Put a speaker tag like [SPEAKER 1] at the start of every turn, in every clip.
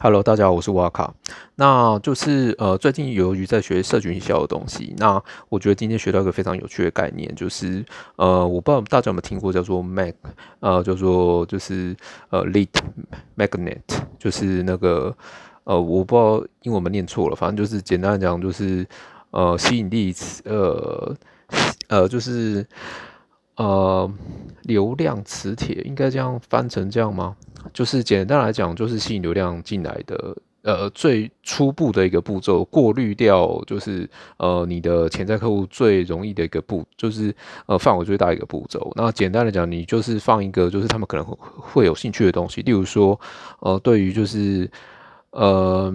[SPEAKER 1] Hello，大家好，我是瓦卡。那就是呃，最近由於在學社群營銷的東西，那我覺得今天學到一個非常有趣的概念，就是呃，我不知道大家有沒有聽過叫做 Mac 呃，叫做就是呃 “lead magnet”，就是那個呃，我不知道因為我們念錯了，反正就是簡單講就是呃，吸引力呃呃，就是呃，流量磁鐵，應該這樣翻成這樣嗎？就是簡單來講，就是吸引流量進來的，呃，最初步的一個步驟，過濾掉就是呃你的潛在客戶最容易的一個步，就是呃範圍最大一個步驟。那簡單來講，你就是放一個就是他們可能會有興趣的東西，例如說呃對於就是呃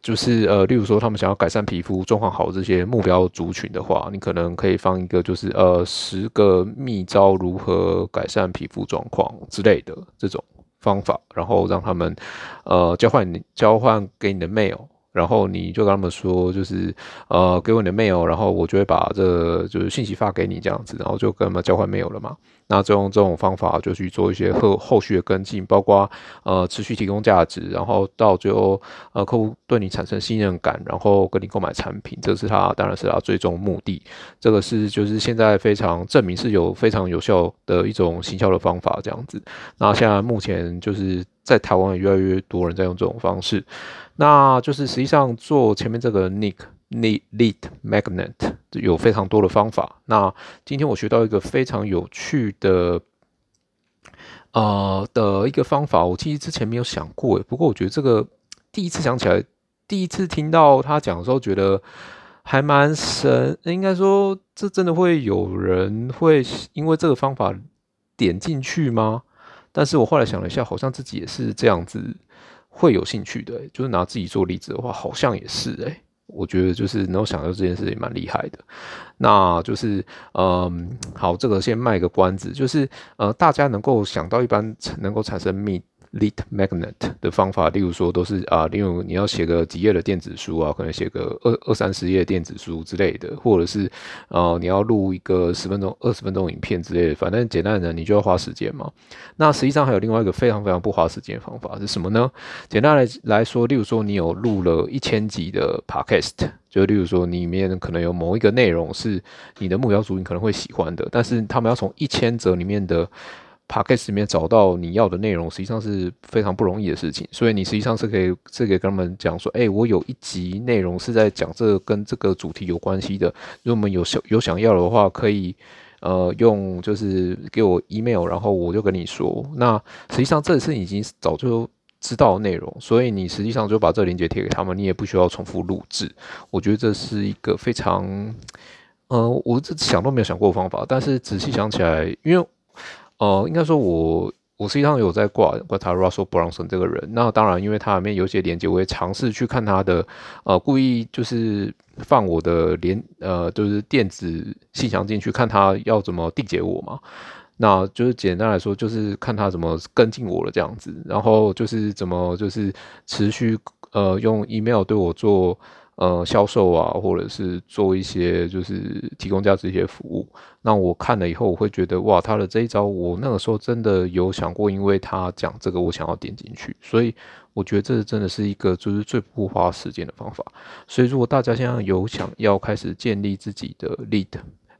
[SPEAKER 1] 就是呃例如說他們想要改善皮膚狀況，好這些目標族群的話，你可能可以放一個就是呃十個秘招如何改善皮膚狀況之類的這種方法，然後讓他們，呃，交換你，交換給你的 mail。然後你就跟他們說，就是呃，給我你的 mail，然後我就會把這個就是信息發給你這樣子，然後就跟他們交換 mail 了嘛。那就用這種方法就去做一些後後續的跟進，包括呃持續提供價值，然後到最後呃客戶對你產生信任感，然後跟你購買產品，這是他當然是他最終的目的。這個是就是現在非常證明是有非常有效的一種行銷的方法這樣子。那現在目前就是。在台灣也越來越多人在用這種方式，那就是實際上做前面這個 Nick，Nite Lead Magnet 有非常多的方法。那今天我學到一個非常有趣的呃的一個方法，我其實之前沒有想過誒，不過我覺得這個第一次想起來，第一次聽到他講的時候，覺得還蠻神。應該說，這真的會有人會因為這個方法點進去嗎？但是我後來想了一下，好像自己也是這樣子會有興趣的，欸，就是拿自己做例子的話，好像也是哎、欸，我覺得就是能夠想到這件事也蠻厲害的。那就是，嗯，好，這個先賣個關子，就是，呃，大家能夠想到一般能夠產生密 Lead Magnet 的方法，例如說都是啊、呃，例如你要寫個幾頁的電子書啊，可能寫個二二三十頁的電子書之類的，或者是啊、呃，你要錄一個十分鐘、二十分鐘影片之類的，反正簡單的你就要花時間嘛。那實際上還有另外一個非常非常不花時間的方法是什麼呢？簡單來來說，例如說你有錄了一千集的 podcast，就例如說你裡面可能有某一個內容是你的目標組你可能會喜歡的，但是他們要從一千則裡面的。Podcast 裡面找到你要的內容，實際上是非常不容易的事情。所以你實際上是可以，是可以跟他們講說，哎、欸，我有一集內容是在講這個跟這個主題有關係的。如果我們有想有想要的話，可以，呃，用就是給我 email，然後我就跟你說。那實際上這是你已經早就知道的內容，所以你實際上就把這連鏈接貼給他們，你也不需要重複錄製。我覺得這是一個非常，嗯、呃，我這想都沒有想過的方法，但是仔細想起來，因為。呃，應該說我，我我實際上有在掛掛他 Russell Brunson 這個人。那當然，因為他裡面有，有些連接，我也嘗試去看他的。呃，故意就是放我的連呃，就是電子信箱進去，看他要怎麼締結我嘛。那就是簡單來說，就是看他怎麼跟進我的這樣子，然後就是怎麼就是持續呃用 email 對我做。呃，銷售啊，或者是做一些就是提供價值一些服務。那我看了以後，我會覺得哇，他的這一招，我那個時候真的有想過，因為他講這個，我想要點進去。所以我覺得這真的是一個就是最不花時間的方法。所以如果大家現在有想要開始建立自己的 lead。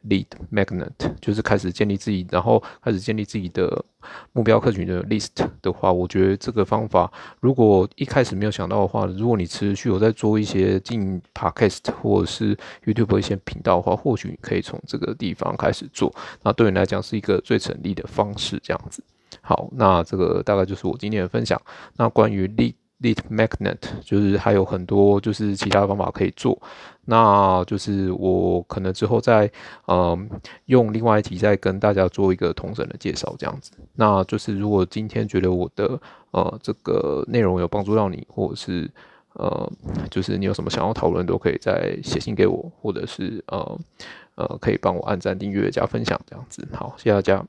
[SPEAKER 1] Lead Magnet 就是開始建立自己，然後開始建立自己的目標客群的 list 的話，我覺得這個方法如果一開始沒有想到的話，如果你持續有在做一些進 podcast 或者是 YouTube 一些頻道的話，或許你可以從這個地方開始做，那對你來講是一個最成立的方式。這樣子，好，那這個大概就是我今天的分享。那關於 Lead Lead magnet 就是還有很多就是其他的方法可以做，那就是我可能之後再嗯、呃、用另外一題再跟大家做一個統整的介紹這樣子。那就是如果今天覺得我的呃這個內容有幫助到你，或者是呃就是你有什麼想要討論都可以再寫信給我，或者是呃呃可以幫我按讚、訂閱、加分享這樣子。好，謝謝大家。